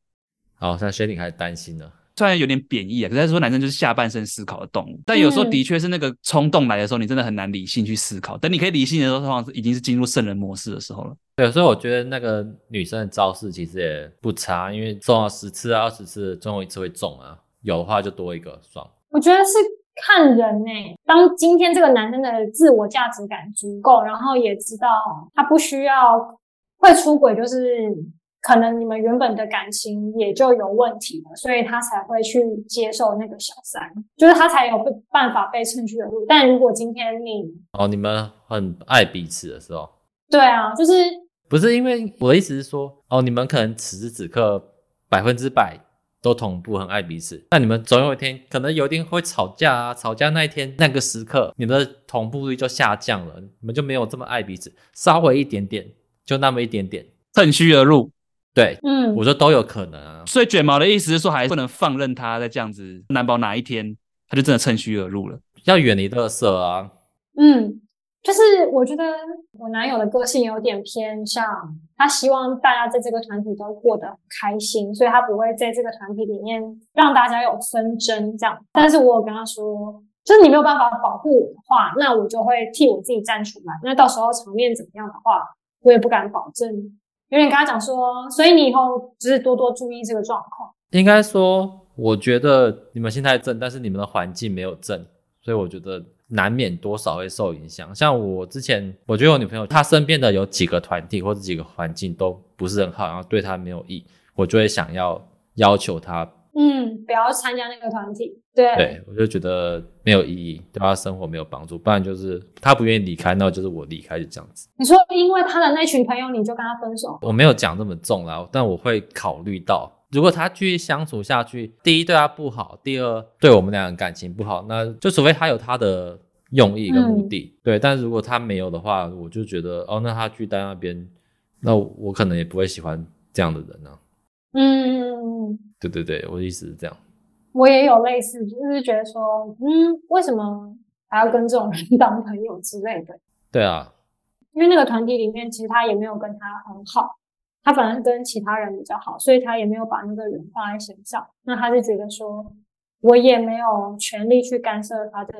好，那在學還開始擔心了。雖然有點貶義啊，可是，是說男生就是下半身思考的動物，但有時候的確是那個衝動來的時候，你真的很難理性去思考。等你可以理性的時候，已經是進入聖人模式的時候了。對，所以我覺得那個女生的招式其實也不差，因為中了十次二十次，最後一次會中啊，有的話就多一個算。我覺得是看人呢、欸。當今天這個男生的自我價值感足夠，然後也知道他不需要會出軌，就是。可能你們原本的感情也就有問題了，所以他才會去接受那個小三，就是他才有辦法被趁虛而入。但如果今天你哦，你們很愛彼此的時候，對啊，就是不是？因為我的意思是說，哦，你們可能此時此刻百分之百都同步很愛彼此，但你們總有一天可能有一天會吵架啊，吵架那一天那個時刻，你們的同步率就下降了，你們就沒有這麼愛彼此，稍微一點點，就那麼一點點，趁虛而入。對，嗯，我說都有可能啊，所以捲毛的意思是說還不能放任他再這樣子，難保哪一天他就真的趁虛而入了。要遠離垃圾啊，嗯，就是我覺得我男友的個性有點偏向，他希望大家在這個團體都過得很開心，所以他不會在這個團體裡面讓大家有紛爭這樣。但是我有跟他說，就是你沒有辦法保護我的話，那我就會替我自己站出來。那到時候場面怎麼樣的話，我也不敢保證。有點跟他講說，所以你以後就是多多注意這個狀況。應該說，我覺得你們心態正，但是你們的環境沒有正，所以我覺得難免多少會受影響。像我之前，我覺得我女朋友她身邊的有幾個團體或者幾個環境都不是很好，然後對她沒有益，我就會想要要求她。嗯，不要參加那個團體。對，對，我就覺得沒有意義，對他生活沒有幫助。不然就是他不願意離開，那就是我離開就這樣子。你說，因為他的那群朋友你就跟他分手？我沒有講那麼重啦，但我會考慮到，如果他繼續相處下去，第一對他不好，第二對我們倆感情不好。那就除非他有他的用意跟目的，嗯、對。但如果他沒有的話，我就覺得哦，那他去待那邊，那我，我可能也不會喜歡這樣的人呢。嗯。對對對，我的意思是這樣。我也有類似，就是覺得說，嗯，為什麼還要跟這種人當朋友之類的？對啊，因為那個團體裡面，其實他也沒有跟他很好，他反而是跟其他人比較好，所以他也沒有把那個人放在心上。那他就覺得說，我也沒有權利去干涉他的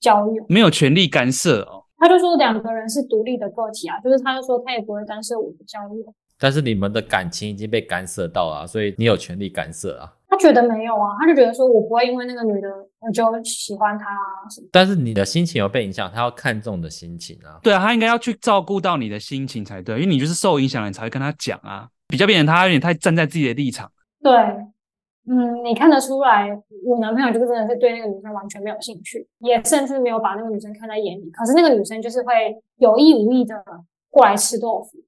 交友，沒有權利干涉哦。他就說兩個人是獨立的個體啊，就是他就說他也不會干涉我的交友。但是你們的感情已經被干涉到了啊，所以你有權利干涉啊。他覺得沒有啊，他就覺得說我不會因為那個女的我就喜歡她啊什麼。但是你的心情有被影響，他要看重的心情啊。對啊，他應該要去照顧到你的心情才對，因為你就是受影響了，你才會跟他講啊。比較變成他有點太站在自己的立場。對，嗯，你看得出來，我男朋友就是真的是對那個女生完全沒有興趣，也甚至沒有把那個女生看在眼裡。可是那個女生就是會有意無意的過來吃豆腐。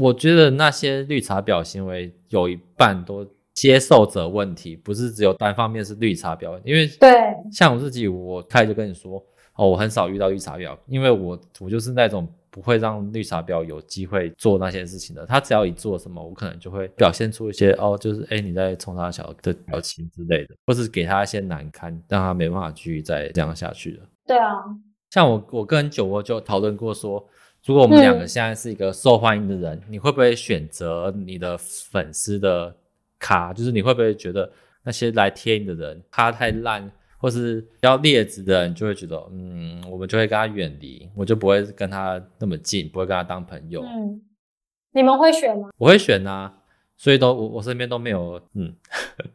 我覺得那些綠茶婊行為有一半都接受者問題，不是只有單方面是綠茶婊，因為對，像我自己，我開始就跟你說哦，我很少遇到綠茶婊，因為我我就是那種不會讓綠茶婊有機會做那些事情的，他只要一做什麼，我可能就會表現出一些哦，就是哎你在衝他笑的表情之類的，或是給他一些難堪，讓他沒辦法繼續再這樣下去了。對啊，像我我跟人酒窩就討論過說。如果我們兩個現在是一個受歡迎的人，嗯，你會不會選擇你的粉絲的卡？就是你會不會覺得那些來貼你的人他太爛，或是比較劣質的人，就會覺得嗯，我們就會跟他遠離，我就不會跟他那麼近，不會跟他當朋友。嗯，你們會選嗎？我會選啊，所以都我我身邊都沒有嗯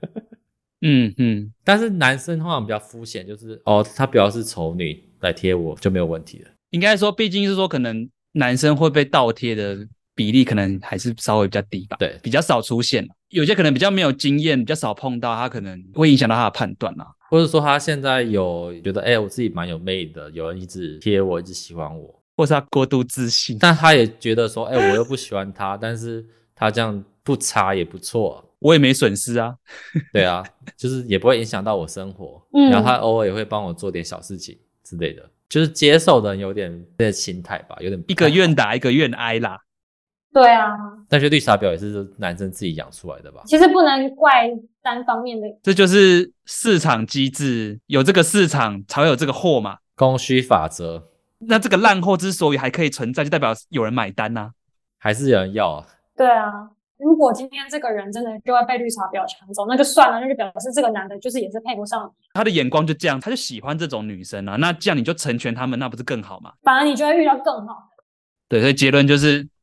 <laughs> 嗯嗯，但是男生通常比較膚淺，就是哦，他表示醜女來貼我就沒有問題了。應該說，畢竟是說可能，男生會被倒貼的比例可能還是稍微比較低吧，對，比較少出現。有些可能比較沒有經驗，比較少碰到，他可能會影響到他的判斷吶，或者說他現在有覺得，哎，我自己蠻有魅力的，有人一直貼我，一直喜歡我，或者是他過度自信，但他也覺得說，哎，我又不喜歡他， <laughs> 但是他這樣不差也不錯，我也沒損失啊， <laughs> 對啊，就是也不會影響到我生活， <laughs> 然後他偶爾也會幫我做點小事情之類的。就是接受的人有點這心態吧，有點一個願打一個願挨啦。對啊，但是綠茶婊也是男生自己養出來的吧？其實不能怪單方面的，這就是市場機制，有這個市場才會有這個貨嘛，供需法則。那這個爛貨之所以還可以存在，就代表有人買單吶，啊，還是有人要啊？對啊。如果今天這個人真的就要被綠茶婊搶走，那就算了，那就表示這個男的就是也是配不上你。他的眼光，就這樣，他就喜歡這種女生啊。那這樣你就成全他們，那不是更好嗎？反而你就會遇到更好。對，所以結論就是， <laughs>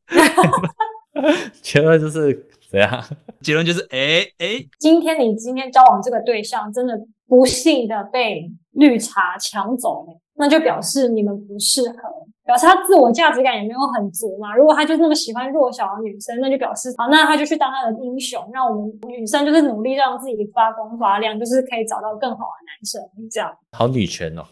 <laughs> 結論就是怎樣？結論就是，誒、欸、誒、欸、今天你今天交往這個對象，真的不幸的被綠茶搶走，那就表示你們不適合。表示他自我價值感也沒有很足嘛。如果他就是那麼喜歡弱小的女生，那就表示好，那他就去當他的英雄，讓我們女生就是努力讓自己發光發亮，就是可以找到更好的男生，這樣。好女權哦，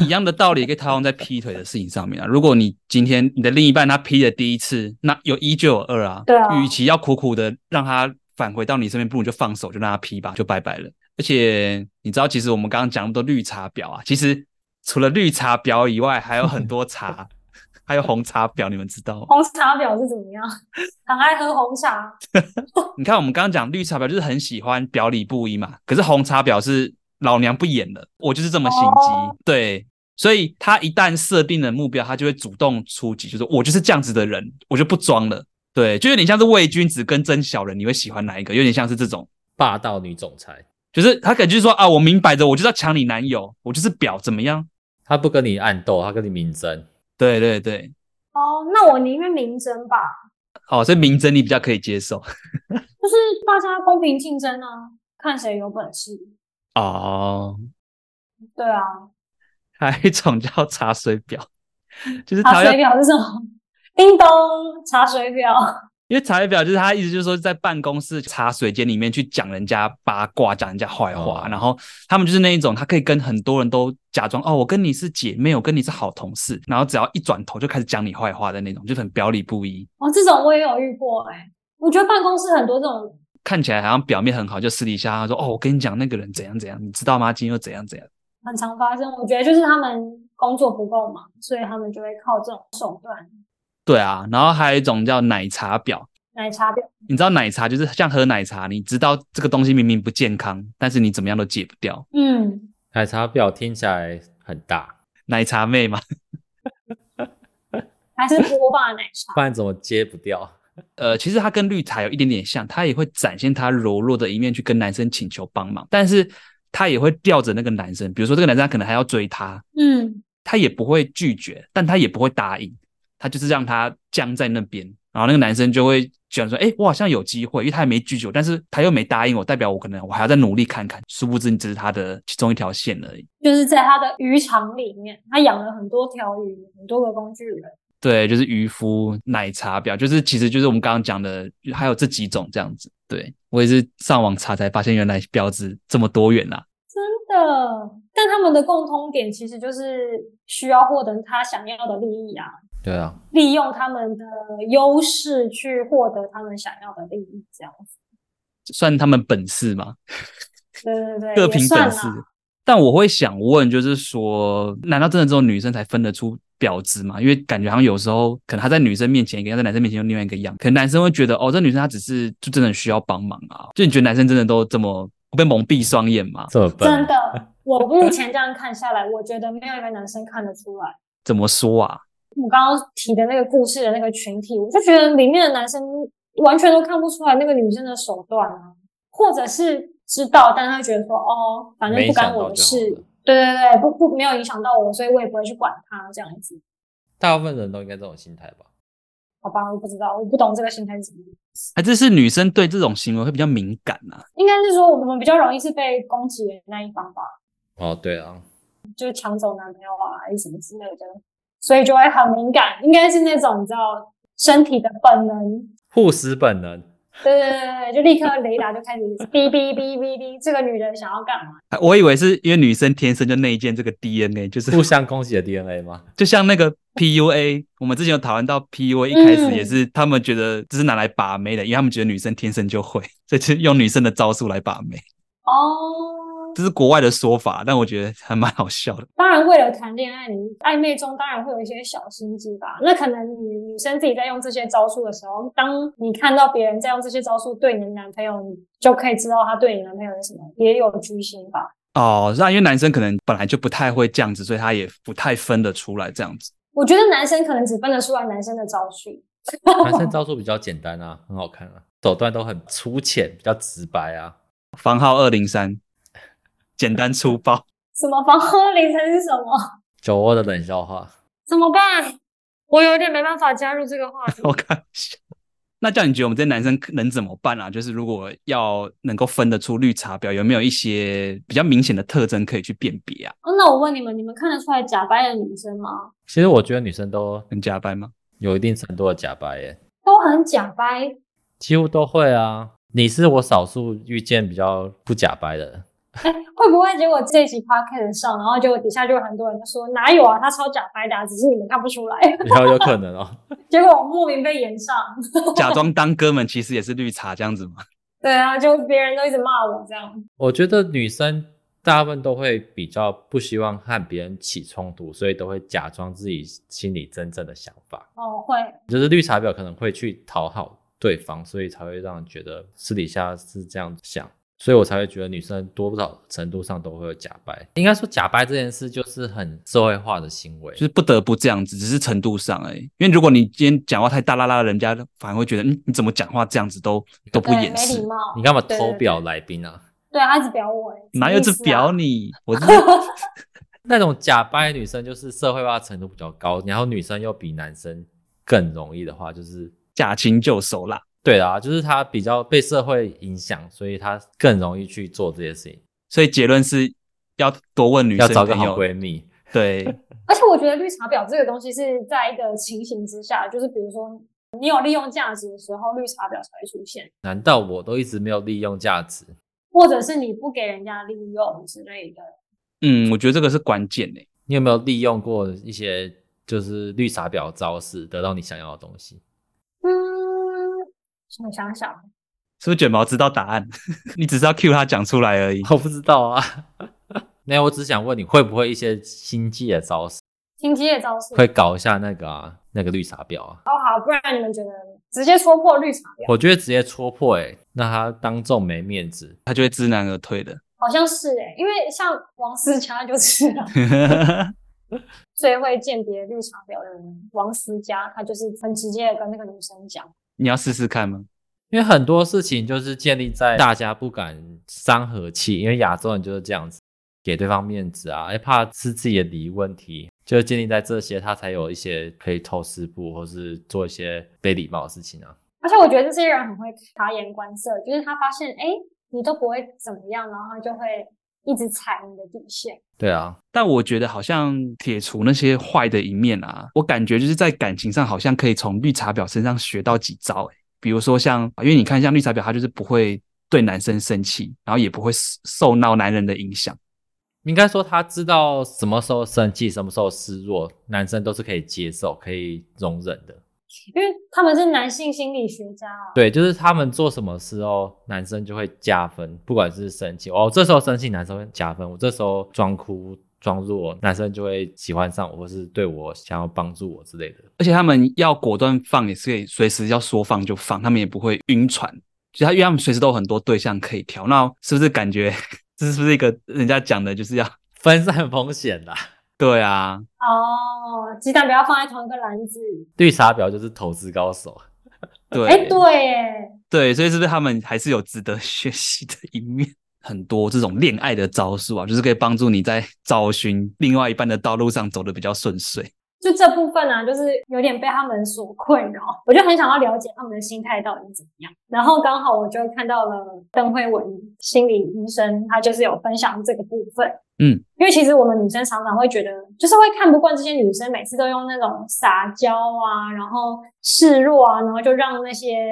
一樣的道理可以套用在劈腿的事情上面啊。如果你今天你的另一半他劈了第一次，那有一就有二啊。對啊。與其要苦苦的讓他返回到你身邊，不如就放手，就讓他劈吧，就拜拜了。而且你知道，其實我們剛剛講那麼多綠茶婊啊，其實除了綠茶婊以外，還有很多茶。 <laughs> 還有紅茶婊，你們知道？紅茶婊是怎麼樣？很愛喝紅茶。 <laughs> 你看，我們剛剛講綠茶婊，就是很喜歡表裡不一嘛。可是紅茶婊是老娘不演了，我就是這麼心機，哦。對，所以她一旦設定了目標，她就會主動出擊，就是我就是這樣子的人，我就不裝了。對，就有點像是偽君子跟真小人，你會喜歡哪一個？有點像是這種霸道女總裁，就是她感覺說啊，我明擺着我就是要搶你男友，我就是婊，怎麼樣？她不跟你暗鬥，她跟你明爭。對對對，哦，那我寧願明爭吧。好，哦，所以明爭你比較可以接受， <laughs> 就是大家公平競爭啊，看誰有本事。哦，對啊，還有一種叫查水表，就是查水表是什麼？叮咚，查水表。因為茶水表，就是他，意思就是說在辦公室茶水間裡面去講人家八卦，講人家壞話，嗯、然後他們就是那一種，他可以跟很多人都假裝哦，我跟你是姐妹，我跟你是好同事，然後只要一轉頭就開始講你壞話的那種，就很表裡不一。哦，這種我也有遇過誒、欸、我覺得辦公室很多這種，看起來好像表面很好，就私底下說哦，我跟你講那個人怎樣怎樣，你知道嗎？今天又怎樣怎樣，很常發生。我覺得就是他們工作不夠嘛，所以他們就會靠這種手段。對啊，然後還有一種叫奶茶婊，奶茶婊，你知道奶茶就是像喝奶茶，你知道這個東西明明不健康，但是你怎麼樣都戒不掉。嗯，奶茶婊聽起來很大，奶茶妹嗎？還是波霸奶茶，不 <laughs> 然怎麼戒不掉？呃，其實他跟綠茶有一點點像，他也會展現他柔弱的一面去跟男生請求幫忙，但是他也會吊着那個男生，比如說這個男生他可能還要追他，嗯，他也不會拒絕，但他也不會答應。他就是讓他僵在那邊，然後那個男生就會覺得說：“哎，我好像有機會，因為他還沒拒絕我，但是他又沒答應我，代表我可能我還要再努力看看。”殊不知，你只是他的其中一條線而已。就是在他的魚場裡面，他養了很多條魚，很多個工具人。對，就是漁夫、奶茶婊，就是其實就是我們剛剛講的，還有這幾種這樣子。對，我也是上網查才發現，原來婊字這麼多元吶、啊！真的，但他們的共通點其實就是需要獲得他想要的利益啊。對啊，利用他們的優勢去獲得他們想要的利益，這樣子算他們本事嗎？ <laughs> 對對對，各憑本事。但我會想問，就是說，難道真的只有女生才分得出婊子嗎？因為感覺好像有時候，可能她在女生面前一個樣，在男生面前有另外一個樣。可能男生會覺得，哦，這女生她只是就真的需要幫忙啊。就你覺得男生真的都這麼被蒙蔽雙眼嗎？這真的，我目前這樣看下來， <laughs> 我覺得沒有一個男生看得出來。怎麼說啊？我剛剛提的那個故事的那個群體，我就覺得裡面的男生完全都看不出來那個女生的手段啊，或者是知道，但他會覺得說，哦，反正不關我的事。對對對，不不沒有影響到我，所以我也不會去管他這樣子。大部分人都應該這種心態吧？好吧，我不知道，我不懂這個心態是什麼意思。還是是女生對這種行為會比較敏感啊？應該是說我們比較容易是被攻擊的那一方吧？哦，對啊，就搶走男朋友啊，還是什麼之類的。所以就會很敏感，應該是那種你知道身體的本能，護食本能。對對對對就立刻雷達就開始嗶嗶嗶嗶嗶，這個女人想要幹嘛？我以為是因為女生天生就內建這個 DNA 就是互相攻擊的 DNA 嗎？就像那個 PUA，我們之前有討論到 PUA，一開始也是、嗯、他們覺得只是拿來把妹的，因為他們覺得女生天生就會，所以就用女生的招數來把妹。哦。這是國外的說法，但我覺得還蠻好笑的。當然，為了談戀愛，你曖昧中當然會有一些小心機吧。那可能你女生自己在用這些招數的時候，當你看到別人在用這些招數對你的男朋友，你就可以知道他對你男朋友是什麼、別有居心吧。哦，那、啊、因為男生可能本來就不太會這樣子，所以他也不太分得出來這樣子。我覺得男生可能只分得出來男生的招數，男生招數比較簡單啊，很好看啊，手段都很粗淺，比較直白啊。房號二零三。簡單粗暴， <laughs> 什麼防喝鈴還是什麼？酒窩的冷笑話，怎麼辦？我有點沒辦法加入這個話題。好看笑。那叫你覺得我們這些男生能怎麼辦啊？就是如果要能夠分得出綠茶婊，有沒有一些比較明顯的特徵可以去辨別啊？哦？那我問你們，你們看得出來假掰的女生嗎？其實我覺得女生都很假掰嗎？有一定程度的假掰，耶，都很假掰，幾乎都會啊。你是我少數遇見比較不假掰的。 <laughs> 會不會結果這一集 podcast 上，然後就底下就會很多人說哪有啊？他超假白搭，只是你們看不出來。然後有可能哦。 <laughs> 結果我莫名被點上， <laughs> 假裝當哥們，其實也是綠茶這樣子嘛。 <laughs> 對啊，就別人都一直罵我這樣。我覺得女生大部分都會比較不希望和別人起衝突，所以都會假裝自己心裡真正的想法。哦，會，就是綠茶婊可能會去討好對方，所以才會讓人覺得私底下是這樣想。所以我才會覺得女生多不少程度上都會有假掰，應該說假掰這件事就是很社會化的行為，就是不得不這樣子，只是程度上而已、欸。因為如果你今天講話太大啦啦，人家反而會覺得你、嗯、你怎麼講話這樣子都都不掩飾。沒禮貌。你幹嘛偷表來賓啊？對,對,對，對他一直表我、欸啊。哪有直表你？我、就是 <laughs> <laughs> 那種假掰女生，就是社會化程度比較高，然後女生又比男生更容易的話，就是駕輕就熟啦。對啊，就是他比較被社會影響，所以他更容易去做這些事情。所以結論是要多問女生，要找個好閨蜜。朋友。對。 <laughs> 而且我覺得綠茶婊這個東西是在一個情形之下，就是比如說你有利用價值的時候，綠茶婊才會出現。難道我都一直沒有利用價值，或者是你不給人家利用之類的？嗯，我覺得這個是關鍵的。你有沒有利用過一些就是綠茶婊招式，得到你想要的東西？嗯。我想想，是不是卷毛知道答案？ <laughs> 你只是要 cue 他講出來而已。我不知道啊，那 <laughs> 我只想問你會不會一些心機的招式？心機的招式會搞一下那個、啊、那個綠茶婊啊！哦好，不然你們覺得直接戳破綠茶婊？我覺得直接戳破、欸，哎，那他當眾沒面子，他就會知難而退的。好像是哎、欸，因為像王思佳就是 <laughs> <laughs> 最會鑑別綠茶婊的人。王思佳他就是很直接的跟那個女生講。你要試試看嗎？因為很多事情就是建立在大家不敢傷和氣，因為亞洲人就是這樣子給對方面子啊，哎，怕是自己的禮儀問題，就建立在這些，他才有一些可以偷吃步或是做一些非禮貌的事情啊。而且我覺得這些人很會察言觀色，就是他發現哎，你都不會怎麼樣，然後就會。一直踩你的底線。對啊，但我覺得好像撇除那些壞的一面啊，我感覺就是在感情上好像可以從綠茶婊身上學到幾招誒。比如說像，因為你看像綠茶婊，她就是不會對男生生氣，然後也不會受鬧男人的影響。應該說，她知道什麼時候生氣，什麼時候示弱，男生都是可以接受、可以容忍的。因為他們是男性心理學家啊、哦，對，就是他們做什麼事哦，男生就會加分，不管是生氣哦，這時候生氣男生會加分，我這時候裝哭裝弱男生就會喜歡上我，或是對我想要幫助我之類的。而且他們要果斷放也是可以隨時要說放就放，他們也不會暈船，就他因為他們隨時都有很多對象可以挑，那是不是感覺這是不是一個人家講的就是要分散風險啦、啊對啊，哦，雞蛋不要放在同一個籃子裡。綠茶婊就是投資高手， <laughs> 對，哎、欸，對，哎，對，所以是不是他們還是有值得學習的一面？很多這種戀愛的招數啊，就是可以幫助你在找尋另外一半的道路上走得比較順遂。就這部分呢、啊，就是有點被他們所困擾，我就很想要了解他們的心態到底怎麼樣。然後剛好我就看到了鄧惠文心理醫生，他就是有分享這個部分。嗯，因為其實我們女生常常會覺得，就是會看不慣這些女生每次都用那種撒嬌啊，然後示弱啊，然後就讓那些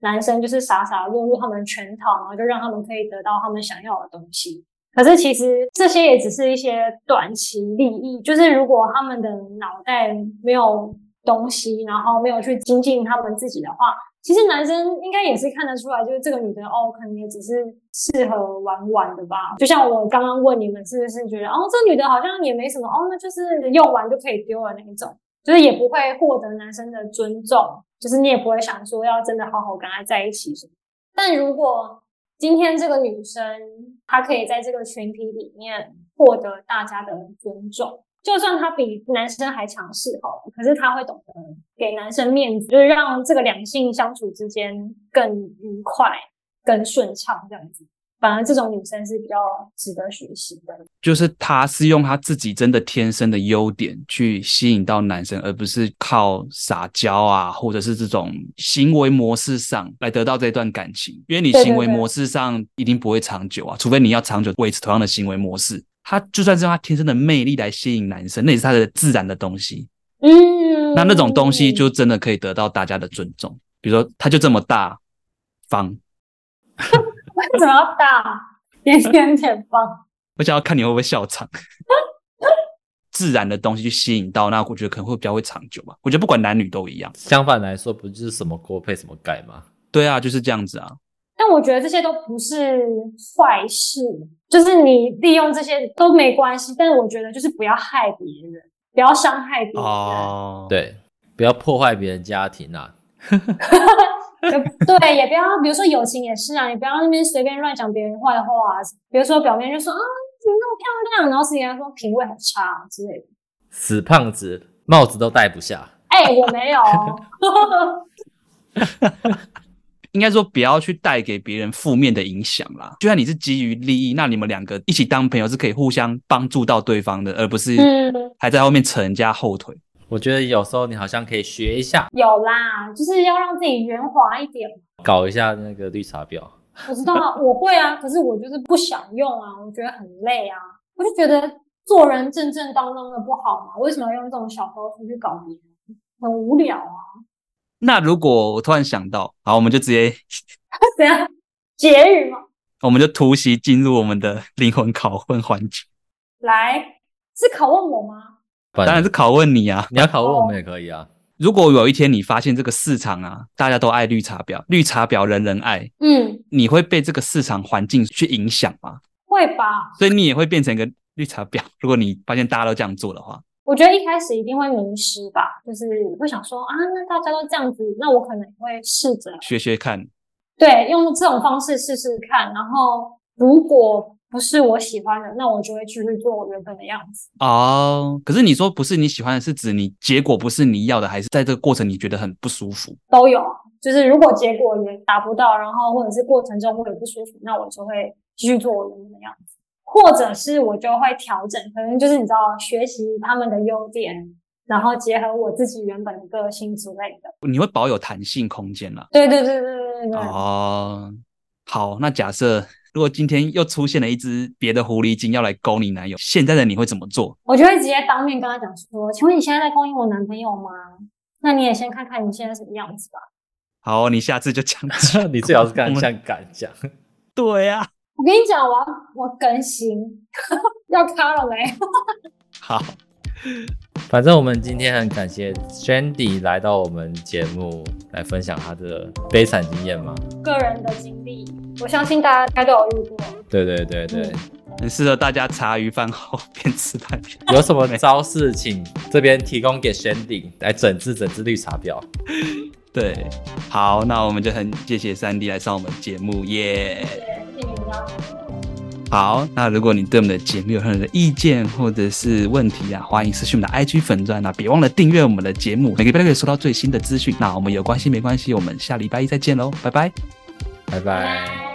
男生就是傻傻落入、入他們圈套，然後就讓他們可以得到他們想要的東西。可是其實這些也只是一些短期利益，就是如果他們的腦袋沒有東西，然後沒有去精進他們自己的話，其實男生應該也是看得出來，就是這個女的哦，可能也只是適合玩玩的吧。就像我剛剛問你們是不是覺得，哦，這女的好像也沒什麼哦，那就是用完就可以丟了那一種，就是也不會獲得男生的尊重，就是你也不會想說要真的好好跟他在一起什麼。但如果今天這個女生。他可以在這個群體裡面獲得大家的尊重，就算他比男生還強勢哦，可是他會懂得給男生面子，就是讓這個兩性相處之間更愉快、更順暢這樣子。反而這種女生是比較值得學習的，就是她是用她自己真的天生的優點去吸引到男生，而不是靠撒嬌啊，或者是這種行為模式上來得到這段感情。因為你行為模式上一定不會長久啊，對對對，除非你要長久維持同樣的行為模式。她就算是用她天生的魅力來吸引男生，那也是她的自然的東西。嗯，那那種東西就真的可以得到大家的尊重。比如說，她就這麼大方。 <laughs> 為什麼要打？眼前前方。 <laughs> 我想要看你會不會笑場。 <laughs> 自然的東西去吸引到那，我覺得可能會比較會長久吧。我覺得不管男女都一樣。相反來說，不就是什麼鍋配什麼蓋嗎？對啊，就是這樣子啊。但我覺得這些都不是壞事，就是你利用這些都沒關係。但是我覺得就是不要害別人，不要傷害別人。哦，對，不要破壞別人家庭啊。 <laughs> <laughs> <laughs> 對，也不要，比如說友情也是啊，你不要那邊隨便亂講別人壞話，啊，比如說表面就說啊，你怎麼那麼漂亮，然後自己又說品味很差之類的。死胖子，帽子都戴不下。哎、欸，我沒有。 <laughs> <laughs> 應該說不要去帶給別人負面的影響啦。就算你是基於利益，那你們兩個一起當朋友是可以互相幫助到對方的，而不是還在後面扯人家後腿。嗯我覺得有時候你好像可以學一下，有啦，就是要讓自己圓滑一點，搞一下那個綠茶婊。我知道啊，我會啊，可是我就是不想用啊，我覺得很累啊，我就覺得做人正正當當的不好嘛，我為什麼要用這種小招數去搞別人？很無聊啊。那如果我突然想到，好，我們就直接怎樣？結 <laughs> 語嗎？我們就突襲進入我們的靈魂拷問環節。來，是拷問我嗎？當然是拷問你啊，你要拷問我們也可以啊。哦。如果有一天你發現這個市場啊，大家都愛綠茶婊，綠茶婊人人愛，嗯，你會被這個市場環境去影響嗎？會吧。所以你也會變成一個綠茶婊。如果你發現大家都這樣做的話，我覺得一開始一定會迷失吧，就是會想說啊，那大家都這樣子，那我可能也會試着學學看，對，用這種方式試試看，然後如果。不是我喜歡的，那我就會繼續做我原本的樣子。哦，可是你說不是你喜歡的，是指你結果不是你要的，還是在這個過程你覺得很不舒服？都有，就是如果結果也達不到，然後或者是過程中會有不舒服，那我就會繼續做我原本的樣子，或者是我就會調整，反正就是你知道，學習他們的優點，然後結合我自己原本的個性之類的。你會保有彈性空間了，啊。對對對對對對，嗯。哦，好，那假設。如果今天又出現了一隻別的狐狸精要來勾你男友，現在的你會怎麼做？我就會直接當面跟他講說：“請問你現在在勾引我男朋友嗎？那你也先看看你現在什麼樣子吧。”好，你下次就講， <laughs> 你最好是敢想敢講。 <laughs> 對呀、啊，我跟你講，我要我更新 <laughs> 要卡了沒？ <laughs> 好，反正我們今天很感謝 Sandy 來到我們節目來分享他的悲慘經驗嘛，個人的經驗。我相信大家應該都有用過，對對對對、嗯，很適合大家茶餘飯後邊吃飯有什麼招式請，請 <laughs> 這邊提供給珊迪來整治整治綠茶婊。對，好，那我們就很謝謝珊迪來上我們的節目耶、yeah。好，那如果你對我們的節目有任何的意見或者是問題啊，歡迎私訊我們的 IG 粉專啊，別忘了訂閱我們的節目，每個禮拜都可以收到最新的資訊。那我們有關係沒關係，我們下禮拜一再見嘍，拜拜。拜拜。